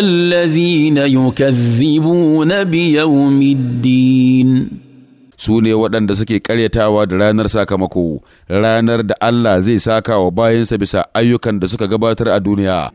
الذين يكذبون بيوم الدين su ne waɗanda suke ƙaryatawa da ranar sakamako ranar da Allah zai saka wa bayansa bisa ayyukan da suka gabatar a duniya